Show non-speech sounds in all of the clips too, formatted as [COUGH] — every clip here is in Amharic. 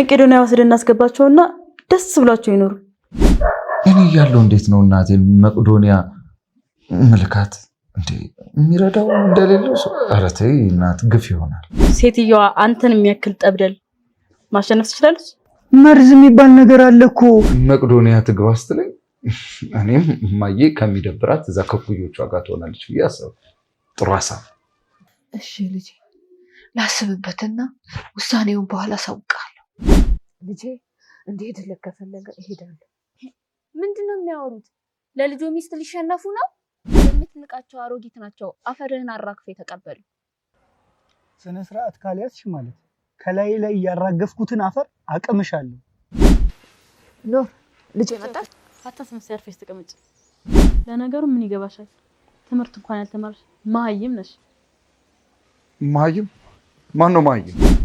መቄዶንያ ወስደን እናስገባቸውና ደስ ብሏቸው ይኖሩ። እኔ እያለሁ እንዴት ነው እናቴ መቄዶንያ ምልካት እንዴ የሚረዳው እንደሌለው ሰው ኧረ ተይ እናት ግፍ ይሆናል። ሴትዮዋ አንተን የሚያክል ጠብደል ማሸነፍ ትችላለች። መርዝ የሚባል ነገር አለ እኮ መቄዶንያ ትግባ ስትለኝ እኔም እማዬ ከሚደብራት እዛ ከኩዮቿ ጋር ትሆናለች ብዬ አሰብኩ። ጥሩ ሀሳብ። እሺ ልጄ ላስብበትና ውሳኔውን በኋላ አሳውቃለሁ። ልጄ እንዲሄድ ከፈለገ እሄዳለሁ። ምንድን ነው የሚያወሩት? ለልጆ ሚስት ሊሸነፉ ነው? የምትንቃቸው አሮጊት ናቸው። አፈርህን አራግፈው የተቀበሉ ስነ ስርዓት ካልያዝሽ ማለት ከላይ ላይ ያራገፍኩትን አፈር አቅምሻለሁ። ኖር ልጄ መጣች። አታስመስይ፣ አርፈሽ ተቀመጭ። ለነገሩ ምን ይገባሻል? ትምህርት እንኳን ያልተማርሽ መሀይም ነሽ። መሀይም ማን ነው መሀይም?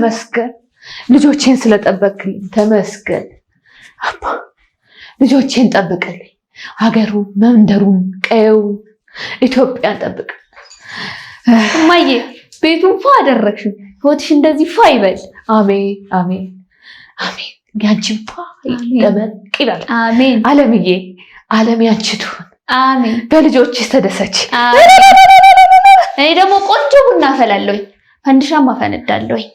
ተመስገን። ልጆቼን ስለጠበቅልኝ ተመስገን። አባ ልጆቼን ጠብቅልኝ። ሀገሩን፣ መንደሩን፣ ቀየውን፣ ኢትዮጵያን ጠብቅ። እማዬ ቤቱን ፋ አደረግሽ፣ ህይወትሽ እንደዚህ ፋ ይበል። አሜን፣ አሜን፣ አሜን። ያንቺን ፋ ጠመቅ ይላል። አሜን። አለምዬ አለም ያንቺ ትሁን። አሜን። በልጆችሽ ተደሰች። እኔ ደግሞ ቆንጆ ቡና አፈላለሁኝ፣ ፈንድሻም አፈነዳለሁኝ።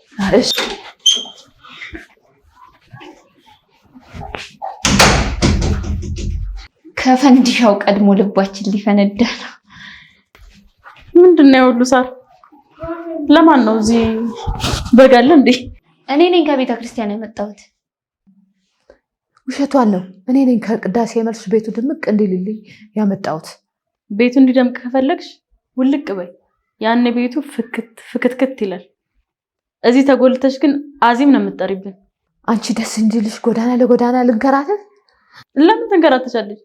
ከፈንዲሻው ቀድሞ ልባችን ሊፈነዳ ነው። ምንድን ነው የሁሉ ሳር? ለማን ነው እዚህ በጋለ እንዴ? እኔ ነኝ ከቤተ ክርስቲያን የመጣሁት። ውሸቷን ነው። እኔ ነኝ ከቅዳሴ መልስ ቤቱ ድምቅ እንዲልልኝ ያመጣሁት። ቤቱ እንዲደምቅ ከፈለግሽ ውልቅ በይ። ያኔ ቤቱ ፍክት ፍክትክት ይላል። እዚህ ተጎልተሽ ግን አዚም ነው የምትጠሪብን። አንቺ ደስ እንዲልሽ ጎዳና ለጎዳና ልንከራተት። ለምን ትንከራተቻለች?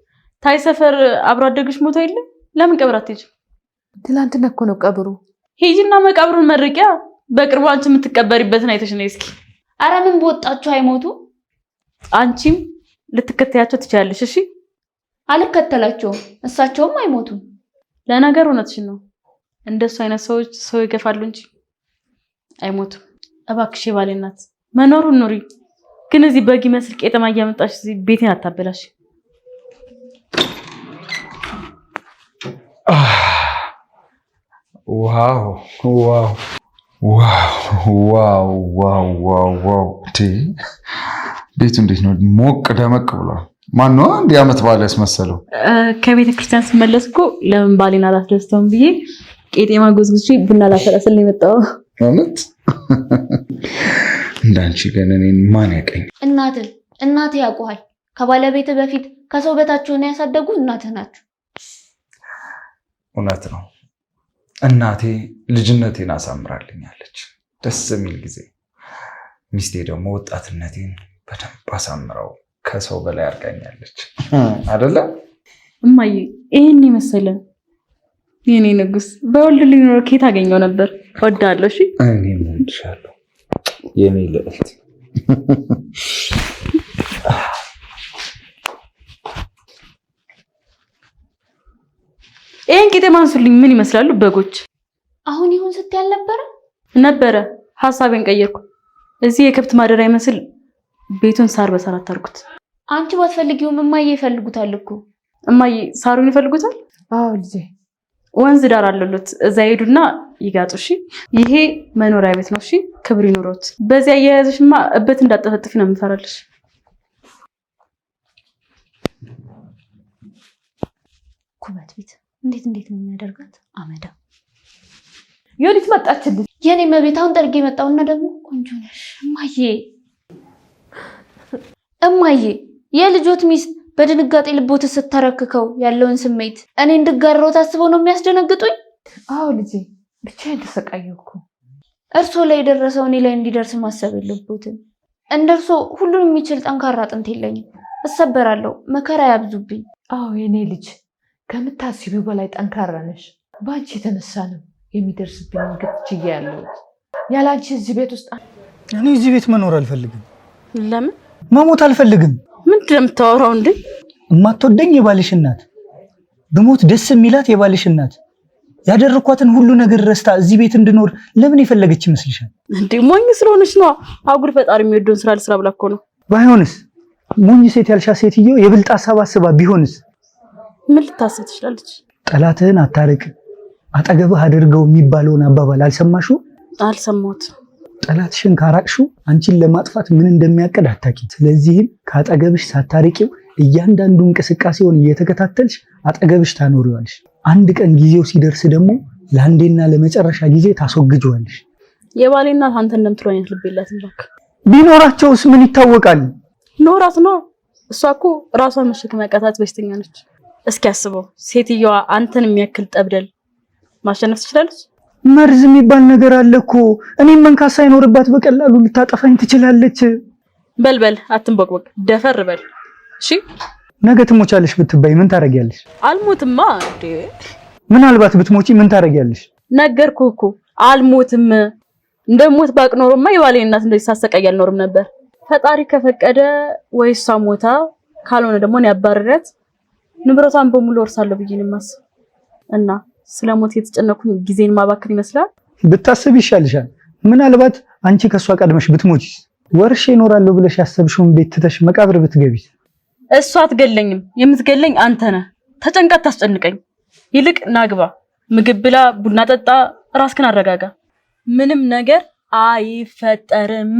ታይ ሰፈር አብሮ አደግሽ ሞቶ የለም። ለምን ቀብራት አትሄጂም? ትላንትና እኮ ነው ቀብሩ። ሂጂና መቃብሩን መርቂያ። በቅርቡ አንቺ የምትቀበሪበትን አይተሽ ነይ እስኪ። አረ ምን በወጣችሁ አይሞቱ። አንቺም ልትከተያቸው ትችያለሽ። እሺ አልከተላቸውም። እሳቸውም አይሞቱም። ለነገር እውነትሽን ነው። እንደሱ አይነት ሰዎች ሰው ይገፋሉ እንጂ አይሞቱም። እባክሽ የባሌ እናት መኖሩን ኑሪ፣ ግን እዚህ በግ መስል ቄጠማ እያመጣሽ እዚህ ቤቴን አታበላሽ። ዋው ቤቱ እንዴት ነው? ሞቅ ደመቅ ብሏል። ማን ነው እንዲህ ዓመት በዓል ያስመሰለው? ከቤተ ክርስቲያን ስመለስ እኮ ለምን ባሌን አላስደስተውም ብዬ ቄጤማ ጎዝጉዝ ቡና ላፈላስል ነው የመጣው። እንዳንቺ ግን እኔን ማን ያቀኝ? እናትህ እናትህ ያውቁሃል። ከባለቤትህ በፊት ከሰው በታችሁን ያሳደጉ እናትህ ናችሁ። እውነት ነው። እናቴ ልጅነቴን አሳምራልኛለች። ደስ የሚል ጊዜ። ሚስቴ ደግሞ ወጣትነቴን በደንብ አሳምረው ከሰው በላይ አድርጋኛለች። አይደለም እማዬ? ይህን ይመስለ የኔ ንጉስ፣ በወልድ ሊኖር ኬት አገኘው ነበር። ወዳለሽ እወድሻለሁ የኔ ልዕልት። ይህን ቄጤማ ማንሱልኝ። ምን ይመስላሉ በጎች? አሁን ይሁን ስትይ አልነበረ ነበረ። ሀሳቤን ቀየርኩ። እዚህ የከብት ማደሪያ ይመስል ቤቱን ሳር በሳር አታርጉት። አንቺ ባትፈልጊውም እማዬ ይፈልጉታል እኮ። እማዬ ሳሩን ይፈልጉታል? አዎ ልጄ። ወንዝ ዳር አለሉት። እዛ ሄዱና ይጋጡ። እሺ፣ ይሄ መኖሪያ ቤት ነው። እሺ፣ ክብር ይኑሮት። በዚህ አያያዝሽማ እበት እንዳጠፈጥፊ ነው የምፈራልሽ። ኩበት ቤት እንዴት እንዴት ነው የሚያደርጋት አመዳ ዮዲት መጣችልኝ። የኔ መቤት አሁን ጠርጌ መጣውና ደግሞ ቆንጆ ነሽ እማዬ፣ እማዬ የልጆት ሚስት በድንጋጤ ልቦት ስተረክከው ያለውን ስሜት እኔ እንድጋረው ታስበው ነው የሚያስደነግጡኝ። አዎ ልጄ ብቻ የተሰቃየሁ እኮ እርሶ ላይ የደረሰው እኔ ላይ እንዲደርስ ማሰብ የለብዎትም። እንደ ሁሉን የሚችል ጠንካራ አጥንት የለኝም። እሰበራለሁ፣ መከራ ያብዙብኝ። አዎ የኔ ልጅ ከምታስቢው በላይ ጠንካራ ነሽ። በአንቺ የተነሳ ነው የሚደርስብኝ ችዬ ያለሁት። ያለ አንቺ እዚህ ቤት ውስጥ እኔ እዚህ ቤት መኖር አልፈልግም። ለምን? መሞት አልፈልግም። ምንድን ነው የምታወራው እንዴ? የማትወደኝ የባልሽ እናት ብሞት ደስ የሚላት የባልሽ እናት ያደረኳትን ሁሉ ነገር ረስታ እዚህ ቤት እንድኖር ለምን የፈለገች ይመስልሻል? እንዴ ሞኝ ስለሆነች ነው። አጉር ፈጣሪ የሚወደውን ስራ ልስራ ብላ እኮ ነው። ባይሆንስ ሞኝ ሴት ያልሻ ሴትዮ የብልጥ ሀሳብ አስባ ቢሆንስ ምን ልታስብ ትችላለች? ጠላትህን አታርቅ አጠገብህ አድርገው የሚባለውን አባባል አልሰማሹ? አልሰማት ጠላትሽን ካራቅሹ አንቺን ለማጥፋት ምን እንደሚያቀድ አታቂ። ስለዚህም ከአጠገብሽ ሳታርቂው እያንዳንዱ እንቅስቃሴውን እየተከታተልሽ አጠገብሽ ታኖሪዋለሽ። አንድ ቀን ጊዜው ሲደርስ ደግሞ ለአንዴና ለመጨረሻ ጊዜ ታስወግጅዋለሽ። የባሌ እናት አንተ እንደምትለው አይነት ልብ የላትም። እባክህ ቢኖራቸውስ ምን ይታወቃል? ኖራት ነው። እሷ እኮ ራሷን መሸከም ያቃታት በሽተኛ ነች። እስኪ አስበው፣ ሴትየዋ አንተን የሚያክል ጠብደል ማሸነፍ ትችላለች? መርዝ የሚባል ነገር አለ እኮ። እኔም መንካት ሳይኖርባት በቀላሉ ልታጠፋኝ ትችላለች። በልበል፣ አትንቦቅቦቅ፣ ደፈር በል እሺ። ነገ ትሞቻለሽ ብትባይ ምን ታደርጊያለሽ? አልሞትማ። እንዴ ምናልባት ብትሞቺ ምን ታደርጊያለሽ? ነገርኩህ እኮ አልሞትም። እንደሞት ባቅ ኖሮማ የባሌ እናት እንደዚህ ሳሰቃይ አልኖርም ነበር። ፈጣሪ ከፈቀደ ወይ እሷ ሞታ፣ ካልሆነ ደግሞ እኔ አባርረት ንብረቷን በሙሉ ወርሳለሁ ብዬ ነው የማስበው። እና ስለ ሞት የተጨነኩኝ ጊዜን ማባከን ይመስላል። ብታስብ ይሻልሻል። ምናልባት አንቺ ከእሷ ቀድመሽ ብትሞቺ፣ ወርሼ እኖራለሁ ብለሽ ያሰብሽውን ቤት ትተሽ መቃብር ብትገቢስ? እሷ አትገለኝም። የምትገለኝ አንተ ነህ። ተጨንቃ ታስጨንቀኝ። ይልቅ ናግባ፣ ምግብ ብላ፣ ቡና ጠጣ፣ ራስክን አረጋጋ። ምንም ነገር አይፈጠርም።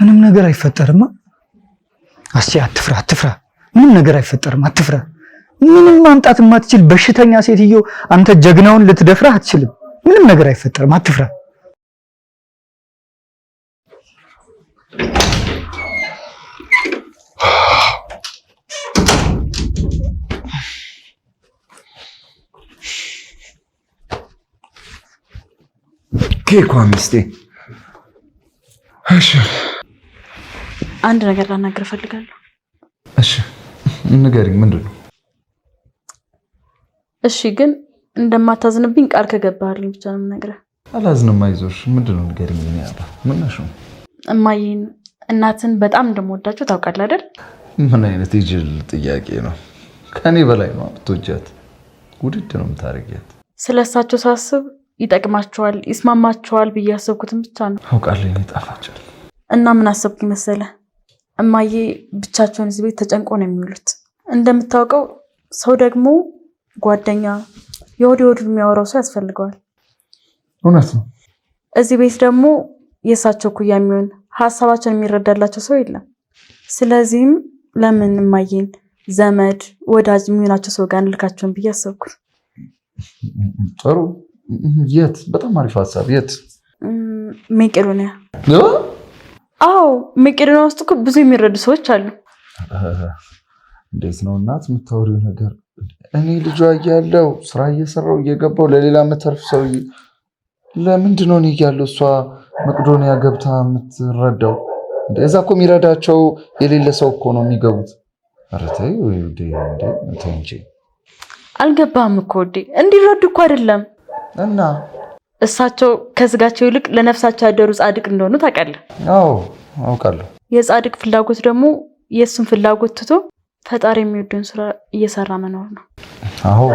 ምንም ነገር አይፈጠርማ። አስቲ አትፍራ፣ አትፍራ። ምንም ነገር አይፈጠርም። አትፍራ። ምንም ማምጣት የማትችል በሽተኛ ሴትዮ አንተ ጀግናውን ልትደፍራ አትችልም። ምንም ነገር አይፈጠርም። አትፍራ። ኬኳ ሚስቴ። እሺ አንድ ነገር ላናገር እፈልጋለሁ። እሺ ንገሪኝ። ምንድን ነው? እሺ ግን እንደማታዝንብኝ ቃል ከገባህልኝ ብቻ ነው የምነግርህ። አላዝንም፣ አይዞሽ። ምንድን ነው ንገሪኝ። ያባ ምናሽ ነው? እማዬን እናትን በጣም እንደምወዳቸው ታውቃለህ አይደል? ምን አይነት የጅል ጥያቄ ነው! ከኔ በላይ ነው አብቶጃት። ውድድ ነው የምታደርጊያት። ስለ እሳቸው ሳስብ ይጠቅማቸዋል፣ ይስማማቸዋል ብዬ ያሰብኩትን ብቻ ነው። አውቃለሁ ይጣፋቸዋል። እና ምን አሰብኩ መሰለ፣ እማዬ ብቻቸውን እዚህ ቤት ተጨንቆ ነው የሚውሉት። እንደምታውቀው ሰው ደግሞ ጓደኛ፣ የወዲ ወዱ የሚያወራው ሰው ያስፈልገዋል። እውነት ነው። እዚህ ቤት ደግሞ የእሳቸው ኩያ የሚሆን ሀሳባቸውን የሚረዳላቸው ሰው የለም። ስለዚህም ለምን እማዬን ዘመድ ወዳጅ የሚሆናቸው ሰው ጋር እንልካቸውን ብዬ አሰብኩ? ጥሩ የት? በጣም አሪፍ ሀሳብ። የት? መቄዶንያ። አዎ መቄዶንያ ውስጥ እኮ ብዙ የሚረዱ ሰዎች አሉ። እንዴት ነው እናት የምታወሪው ነገር? እኔ ልጇ እያለው ስራ እየሰራው እየገባው ለሌላ መተርፍ ሰውዬ ለምንድን ነው እኔ እያለው እሷ መቄዶንያ ገብታ የምትረዳው? እዛ እኮ የሚረዳቸው የሌለ ሰው እኮ ነው የሚገቡት። ኧረ ተይ ወይ ተይ እንጂ እኮ ውዴ፣ እንዲረዱ እኮ አይደለም እና እሳቸው ከስጋቸው ይልቅ ለነፍሳቸው ያደሩ ጻድቅ እንደሆኑ ታውቃለህ? አዎ አውቃለሁ። የጻድቅ ፍላጎት ደግሞ የእሱን ፍላጎት ትቶ ፈጣሪ የሚወደውን ስራ እየሰራ መኖር ነው። አዎ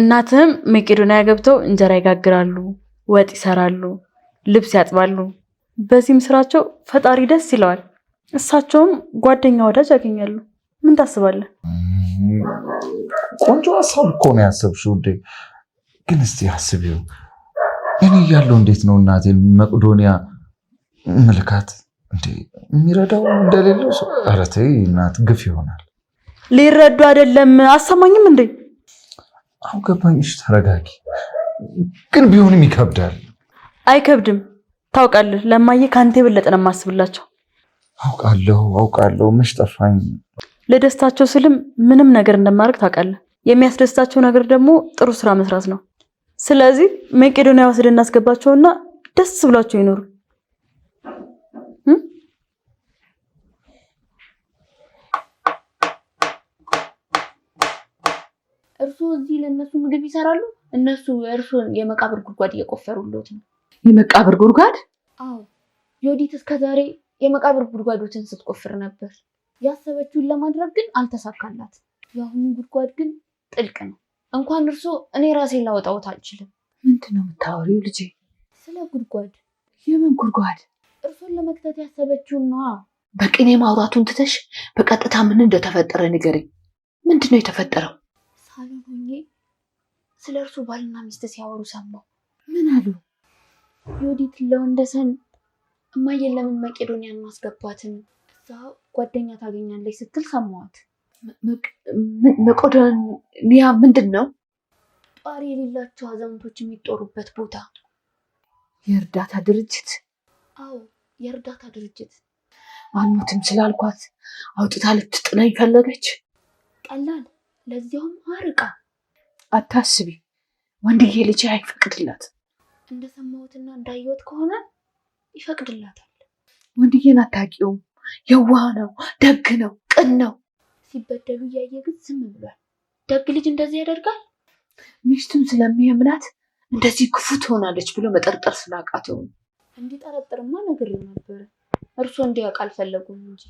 እናትህም መቄዶንያ ገብተው እንጀራ ይጋግራሉ፣ ወጥ ይሰራሉ፣ ልብስ ያጥባሉ። በዚህም ስራቸው ፈጣሪ ደስ ይለዋል። እሳቸውም ጓደኛ ወዳጅ ያገኛሉ። ምን ታስባለህ? ቆንጆ ሀሳብ እኮ ነው ያሰብሽው። ግን እስቲ አስቢው እኔ እያለሁ እንዴት ነው እናቴ መቅዶኒያ ምልካት እንዴ የሚረዳው እንደሌለው ሰው። ኧረ ተይ እናት ግፍ ይሆናል። ሊረዱ አይደለም አሰማኝም እንዴ አሁ ገባኝሽ። ተረጋጊ። ግን ቢሆንም ይከብዳል። አይከብድም። ታውቃለህ ለማየ ከአንተ የበለጠ ነው የማስብላቸው። አውቃለሁ አውቃለሁ። መች ጠፋኝ። ለደስታቸው ስልም ምንም ነገር እንደማድረግ ታውቃለህ። የሚያስደስታቸው ነገር ደግሞ ጥሩ ስራ መስራት ነው። ስለዚህ መቄዶንያ ወስደን እናስገባቸውና ደስ ብሏቸው ይኖሩ። እርሱ እዚህ ለእነሱ ምግብ ይሰራሉ። እነሱ እርስዎን የመቃብር ጉድጓድ እየቆፈሩለት ነው። የመቃብር ጉድጓድ? አዎ፣ ዮዲት እስከዛሬ የመቃብር ጉድጓዶችን ስትቆፍር ነበር። ያሰበችውን ለማድረግ ግን አልተሳካላት። የአሁኑ ጉድጓድ ግን ጥልቅ ነው። እንኳን እርሶ እኔ ራሴን ላወጣውት አልችልም። ምንድን ነው የምታወሪው ልጄ? ስለ ጉድጓድ። የምን ጉድጓድ? እርሶን ለመክተት ያሰበችውን ነዋ። በቅኔ ማውራቱን ትተሽ በቀጥታ ምን እንደተፈጠረ ንገሪኝ። ምንድን ነው የተፈጠረው? ሳሎን ሆኜ ስለ እርሱ ባልና ሚስት ሲያወሩ ሰማሁ። ምን አሉ? ዮዲት ለወንደሰን እማዬን ለምን መቄዶኒያን ማስገባትን እዛ ጓደኛ ታገኛለች ስትል ሰማዋት። መቄዶንያ ምንድን ነው? ጧሪ የሌላቸው አዛውንቶች የሚጦሩበት ቦታ። የእርዳታ ድርጅት? አዎ የእርዳታ ድርጅት። አልሞትም ስላልኳት አውጥታ ልትጥለኝ ፈለገች። ቀላል፣ ለዚያውም አርቃ። አታስቢ፣ ወንድዬ ልጅ አይፈቅድላት። እንደሰማሁትና እንዳየሁት ከሆነ ይፈቅድላታል። ወንድዬን አታውቂውም። የዋህ ነው፣ ደግ ነው፣ ቅን ነው። ሲበደሉ እያየ ግን ዝም ብሏል። ደግ ልጅ እንደዚህ ያደርጋል? ሚስቱን ስለሚያምናት እንደዚህ ክፉ ትሆናለች ብሎ መጠርጠር ስላቃተው እንዲጠረጥርማ ነግሬው ነበረ። እርሶ እንዲያውቅ አልፈለጉም እንጂ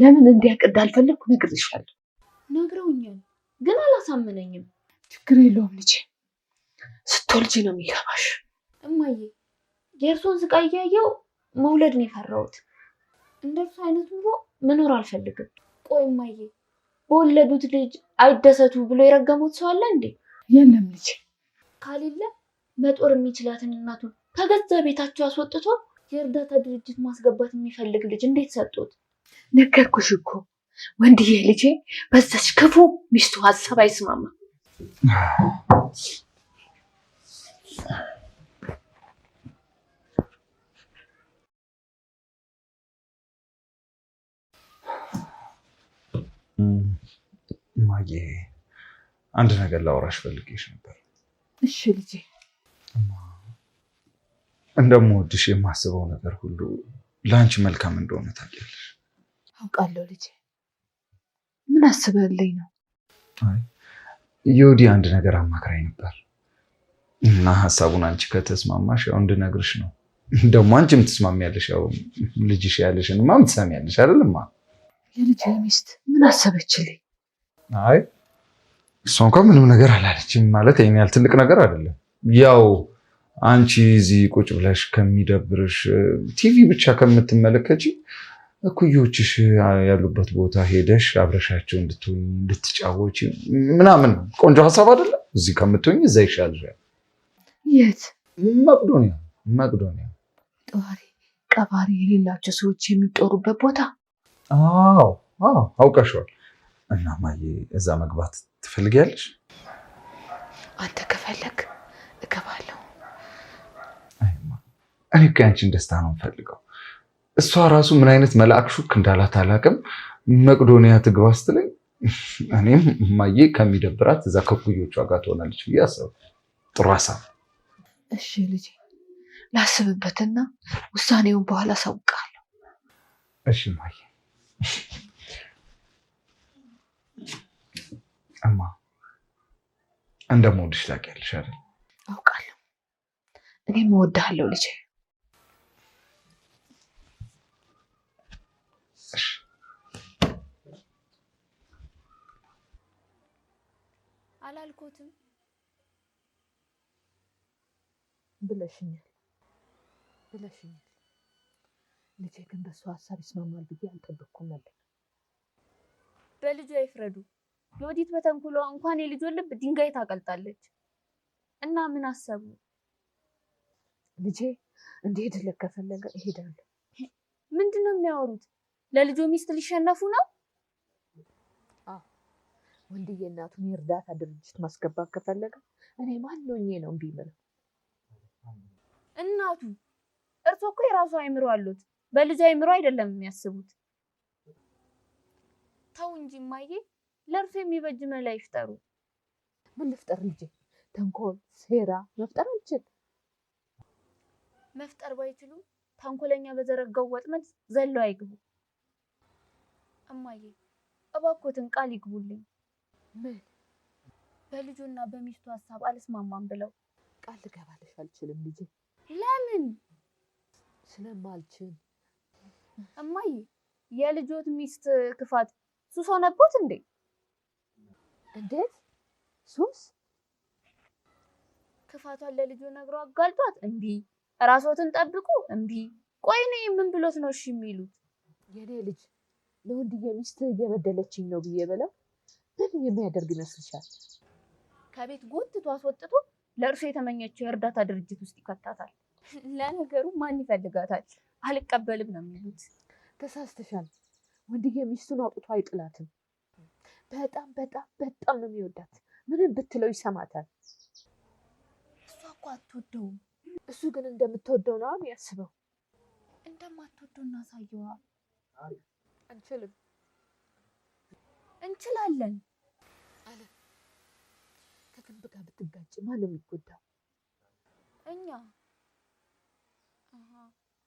ለምን እንዲያውቅ እንዳልፈለግኩ ነግሬሻለሁ። ነግረውኛል፣ ግን አላሳመነኝም። ችግር የለውም ልጄ፣ ስትወልጂ ነው የሚገባሽ። እማዬ፣ የእርሶን ስቃይ እያየው መውለድ ነው የፈራሁት። እንደ አይነት ኑሮ መኖር አልፈልግም። ቆይ እማዬ በወለዱት ልጅ አይደሰቱ ብሎ የረገሙት ሰው አለ እንዴ? የለም ልጅ ካሌለ መጦር የሚችላትን እናቱን ከገዛ ቤታቸው አስወጥቶ የእርዳታ ድርጅት ማስገባት የሚፈልግ ልጅ እንዴት ሰጡት? ነገርኩሽ እኮ ወንድዬ፣ ልጄ በዛች ክፉ ሚስቱ ሀሳብ አይስማማ። እማዬ አንድ ነገር ላውራሽ ፈልጌሽ ነበር። እሺ ልጄ። እንደምወድሽ የማስበው ነገር ሁሉ ለአንቺ መልካም እንደሆነ ታውቂያለሽ። አውቃለሁ ልጄ። ምን አስበልኝ ነው? የወዲህ አንድ ነገር አማክራኝ ነበር እና ሀሳቡን አንቺ ከተስማማሽ ያው እንድነግርሽ ነው። ደግሞ አንቺም ትስማሚያለሽ፣ ያው ልጅሽ ያለሽንማ ትሰሚያለሽ አይደልማ። የልጅ ሚስት ምን አሰበችልኝ? አይ እሷ እንኳን ምንም ነገር አላለችም። ማለት ይሄን ያህል ትልቅ ነገር አይደለም። ያው አንቺ እዚህ ቁጭ ብለሽ ከሚደብርሽ ቲቪ ብቻ ከምትመለከች እኩዮችሽ ያሉበት ቦታ ሄደሽ አብረሻቸው እንድትሆኝ እንድትጫወች ምናምን ቆንጆ ሀሳብ አይደለም? እዚህ ከምትሆኝ እዛ ይሻልሻል። የት? መቅዶኒያ መቅዶኒያ ጠዋሪ ቀባሪ የሌላቸው ሰዎች የሚጦሩበት ቦታ። አዎ አዎ አውቀሸዋል እና ማዬ እዛ መግባት ትፈልጊያለሽ? አንተ ከፈለግ እገባለሁ። እኔ እኮ ያንቺን ደስታ ነው የምፈልገው። እሷ ራሱ ምን አይነት መልአክ ሹክ እንዳላት አላውቅም። መቅዶኒያ ትግባ ስትለኝ እኔም ማዬ ከሚደብራት እዛ ከኩዮቿ ጋር ትሆናለች ብዬ አሰብ። ጥሩ ሀሳብ። እሺ ልጅ፣ ላስብበትና ውሳኔውን በኋላ አሳውቃለሁ። እሺ ማዬ እማ እንደምወድሽ ታውቂያለሽ አይደል? አውቃለሁ። እኔም እወድሃለሁ ልጄ። አላልኩትም ብለሽኛል ብለሽኛል። ልጄ ግን በእሱ ሀሳብ ይስማማል ብዬ አልጠበቅኩም ነበር። በልጇ ይፍረዱ። የወዲት በተንኩሏ እንኳን የልጆን ልብ ድንጋይ ታቀልጣለች። እና ምን አሰቡ ልጄ እንዲሄድለት ከፈለገ እሄዳለሁ። ምንድን ነው የሚያወሩት? ለልጆ ሚስት ሊሸነፉ ነው? ወንድዬ እናቱን የእርዳታ ድርጅት ማስገባት ከፈለገ እኔ ማንኜ ነው እምቢ የምለው? እናቱ እርሶ እኮ የራሱ አይምሮ አሉት። በልጁ አይምሮ አይደለም የሚያስቡት። ተው እንጂ እማዬ ለእርሱ የሚበጅ መላ ይፍጠሩ። ምን ልፍጠር ልጄ? ተንኮል፣ ሴራ መፍጠር አልችል። መፍጠር ባይችሉም ተንኮለኛ በዘረጋው ወጥመድ ዘለው አይግቡ። እማዬ እባኮትን ቃል ይግቡልኝ። ምን በልጁና በሚስቱ ሀሳብ አልስማማም ብለው ቃል ልገባልሽ አልችልም ልጄ። ለምን? ስለማልችል። እማዬ የልጆት ሚስት ክፋት ሱሶ ነቦት እንዴ? እንዴት ሱስ ክፋቷን ለልጁ ነግሮ አጋልጧት እምቢ፣ እራስዎትን ጠብቁ እምቢ። ቆይ እኔ ምን ብሎት ነው እሺ የሚሉት? የኔ ልጅ ለወንድዬ ሚስት እየበደለችኝ ነው ብዬ ብለው ምን የሚያደርግ ይመስልሻል? ከቤት ጎትቶ አስወጥቶ ለእርሱ የተመኘችው የእርዳታ ድርጅት ውስጥ ይከታታል። ለነገሩ ማን ይፈልጋታል? አልቀበልም ነው የሚሉት። ተሳስተሻል። ወንድዬ ሚስቱን አውጥቶ አይጥላትም። በጣም በጣም በጣም ነው የሚወዳት። ምንም ብትለው ይሰማታል። እሷ እኮ አትወደውም። እሱ ግን እንደምትወደው ነው የሚያስበው። እንደማትወደው እናሳየዋ። አንችልም። እንችላለን አለ። ከግንብ ጋር ብትጋጭ ማን ነው የሚጎዳው? እኛ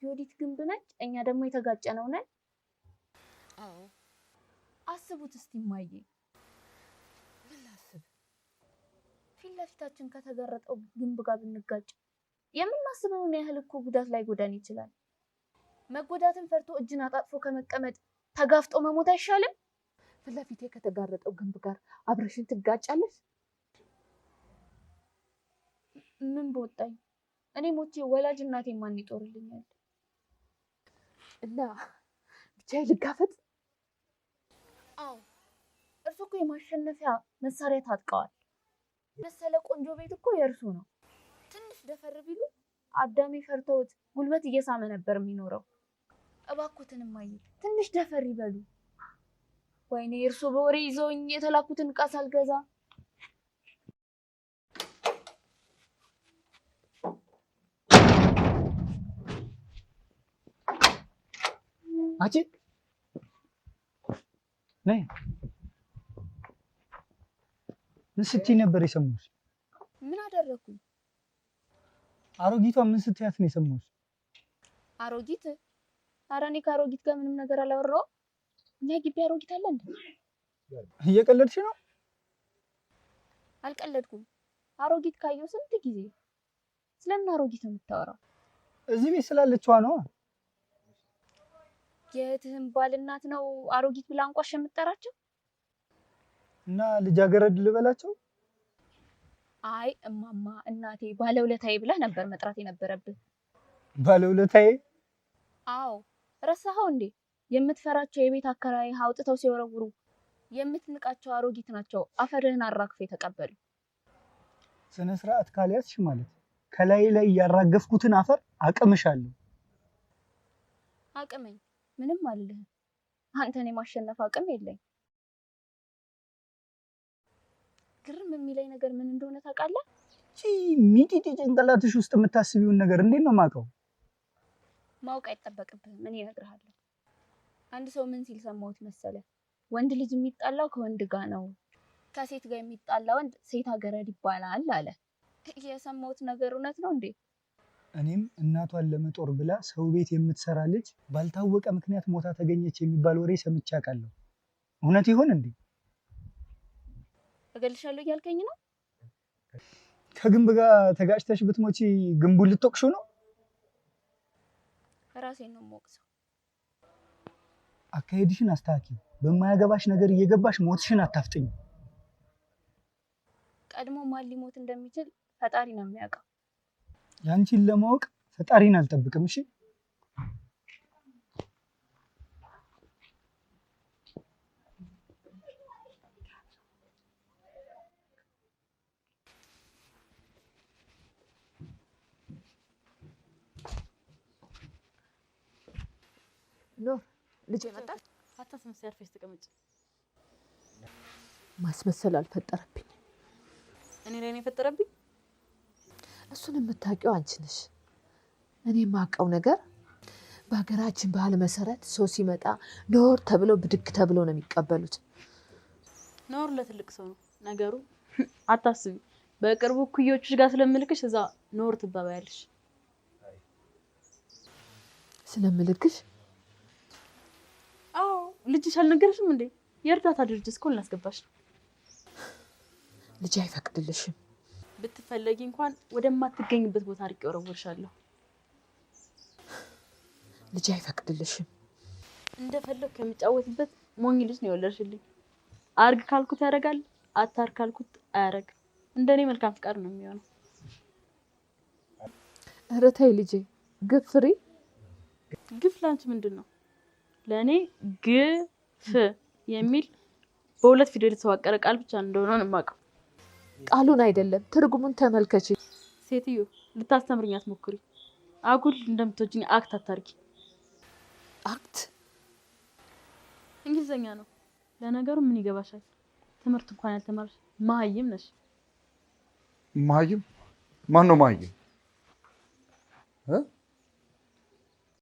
የወዲት ግንብ ነች። እኛ ደግሞ የተጋጨ ነው ነን። አዎ አስቡት እስቲ እማዬ። ምን ላስብ? ፊት ለፊታችን ከተጋረጠው ግንብ ጋር ብንጋጭ የምናስበውን ያህል እኮ ጉዳት ላይ ጎዳን ይችላል። መጎዳትን ፈርቶ እጅን አጣጥፎ ከመቀመጥ ተጋፍጦ መሞት አይሻልም? ፊት ለፊቴ ከተጋረጠው ግንብ ጋር አብረሽን ትጋጫለች? ምን በወጣኝ። እኔ ሞቼ ወላጅ እናቴ ማን ይጦርልኛል? እና ብቻ ልጋፈጥ አዎ እርሱ እኮ የማሸነፊያ መሳሪያ ታጥቀዋል። መሰለ ቆንጆ ቤት እኮ የእርሱ ነው። ትንሽ ደፈር ቢሉ አዳሜ ፈርተውት ጉልበት እየሳመ ነበር የሚኖረው። እባክዎትን እማዬ ትንሽ ደፈር ይበሉ። ወይኔ እርሱ በወሬ ይዘውኝ የተላኩትን ዕቃ ሳልገዛ አቺ ነይ ስትይ ነበር የሰማሁሽ። ምን አደረኩኝ? አሮጊቷ ምን ስትያት ነው የሰማሁሽ? አሮጊት? ኧረ እኔ ከአሮጊት ጋር ምንም ነገር አላወራሁም። እኛ ግቢ አሮጊት አለ እንዴ? እየቀለድሽ ነው? አልቀለድኩም። አሮጊት ካየሁ ስንት ጊዜ። ስለምን አሮጊት ነው የምታወራው? እዚህ ቤት ስላለችዋ ነዋ። የእህትህን ባል እናት ነው አሮጊት ብላ አንቋሽ የምጠራቸው እና ልጃገረድ ልበላቸው? አይ እማማ፣ እናቴ፣ ባለውለታዬ ብለህ ነበር መጥራት የነበረብህ። ባለውለታዬ? አዎ ረሳኸው እንዴ? የምትፈራቸው የቤት አከራይ አውጥተው ሲወረውሩ የምትንቃቸው አሮጊት ናቸው። አፈርህን አራግፈው የተቀበሉ ስነ ስርዓት ካልያዝሽ ማለት ከላይ ላይ ያራገፍኩትን አፈር አቅምሻለሁ። አቅመኝ ምንም አልልህም። አንተን የማሸነፍ አቅም የለኝ። ግርም የሚለኝ ነገር ምን እንደሆነ ታውቃለህ? ሚጢጢ ጭንቅላትሽ ውስጥ የምታስቢውን ነገር እንዴት ነው የማውቀው? ማወቅ አይጠበቅብህም። እኔ እነግርሃለሁ። አንድ ሰው ምን ሲል ሰማሁት መሰለ? ወንድ ልጅ የሚጣላው ከወንድ ጋር ነው፣ ከሴት ጋር የሚጣላ ወንድ ሴት አገረድ ይባላል አለ። የሰማሁት ነገር እውነት ነው እንዴ? እኔም እናቷን ለመጦር ብላ ሰው ቤት የምትሰራ ልጅ ባልታወቀ ምክንያት ሞታ ተገኘች የሚባል ወሬ ሰምቼ አውቃለሁ። እውነት ይሆን እንዴ? እገልሻለሁ እያልከኝ ነው? ከግንብ ጋር ተጋጭተሽ ብትሞቺ ግንቡን ልትወቅሹ ነው? ራሴን ነው የምወቅሰው። አካሄድሽን አስተካክል። በማያገባሽ ነገር እየገባሽ ሞትሽን አታፍጥኝ። ቀድሞ ማን ሊሞት እንደሚችል ፈጣሪ ነው የሚያውቀው። ያንቺን ለማወቅ ፈጣሪን አልጠብቅም። እሺ ማስመሰል አልፈጠረብኝ። እኔ ላይ ነው የፈጠረብኝ እሱን የምታውቂው አንቺ ነሽ። እኔ የማውቀው ነገር በሀገራችን ባህል መሰረት ሰው ሲመጣ ኖር ተብሎ ብድግ ተብለው ነው የሚቀበሉት። ኖር ለትልቅ ሰው ነው ነገሩ። [LAUGHS] አታስቢ፣ በቅርቡ ኩዮችሽ ጋር ስለምልክሽ እዛ ኖር ትባባያለሽ። ስለምልክሽ? አዎ፣ ልጅሽ አልነገርሽም እንዴ? የእርዳታ ድርጅት እኮ ልናስገባሽ ነው። ልጅ አይፈቅድልሽም ብትፈለጊ እንኳን ወደማትገኝበት ቦታ አድርጌ ወረወርሻለሁ። ልጅ አይፈቅድልሽም። እንደፈለግ ከሚጫወትበት ሞኝ ልጅ ነው የወለድሽልኝ። አርግ ካልኩት ያደርጋል፣ አታርግ ካልኩት አያረግ። እንደኔ መልካም ፍቃድ ነው የሚሆነው። ኧረ ተይ ልጄ፣ ግፍ ፍሪ። ግፍ ላንቺ ምንድን ነው? ለእኔ ግፍ የሚል በሁለት ፊደል የተዋቀረ ቃል ብቻ እንደሆነ ነው የማውቀው። ቃሉን አይደለም ትርጉሙን ተመልከች። ሴትዮ ልታስተምርኝ አትሞክሪ። አጉል እንደምትወጂኝ አክት አታርጊ። አክት እንግሊዘኛ ነው። ለነገሩ ምን ይገባሻል? ትምህርት እንኳን ያልተማርሽ መሀይም ነሽ። መሀይም ማን ነው? መሀይም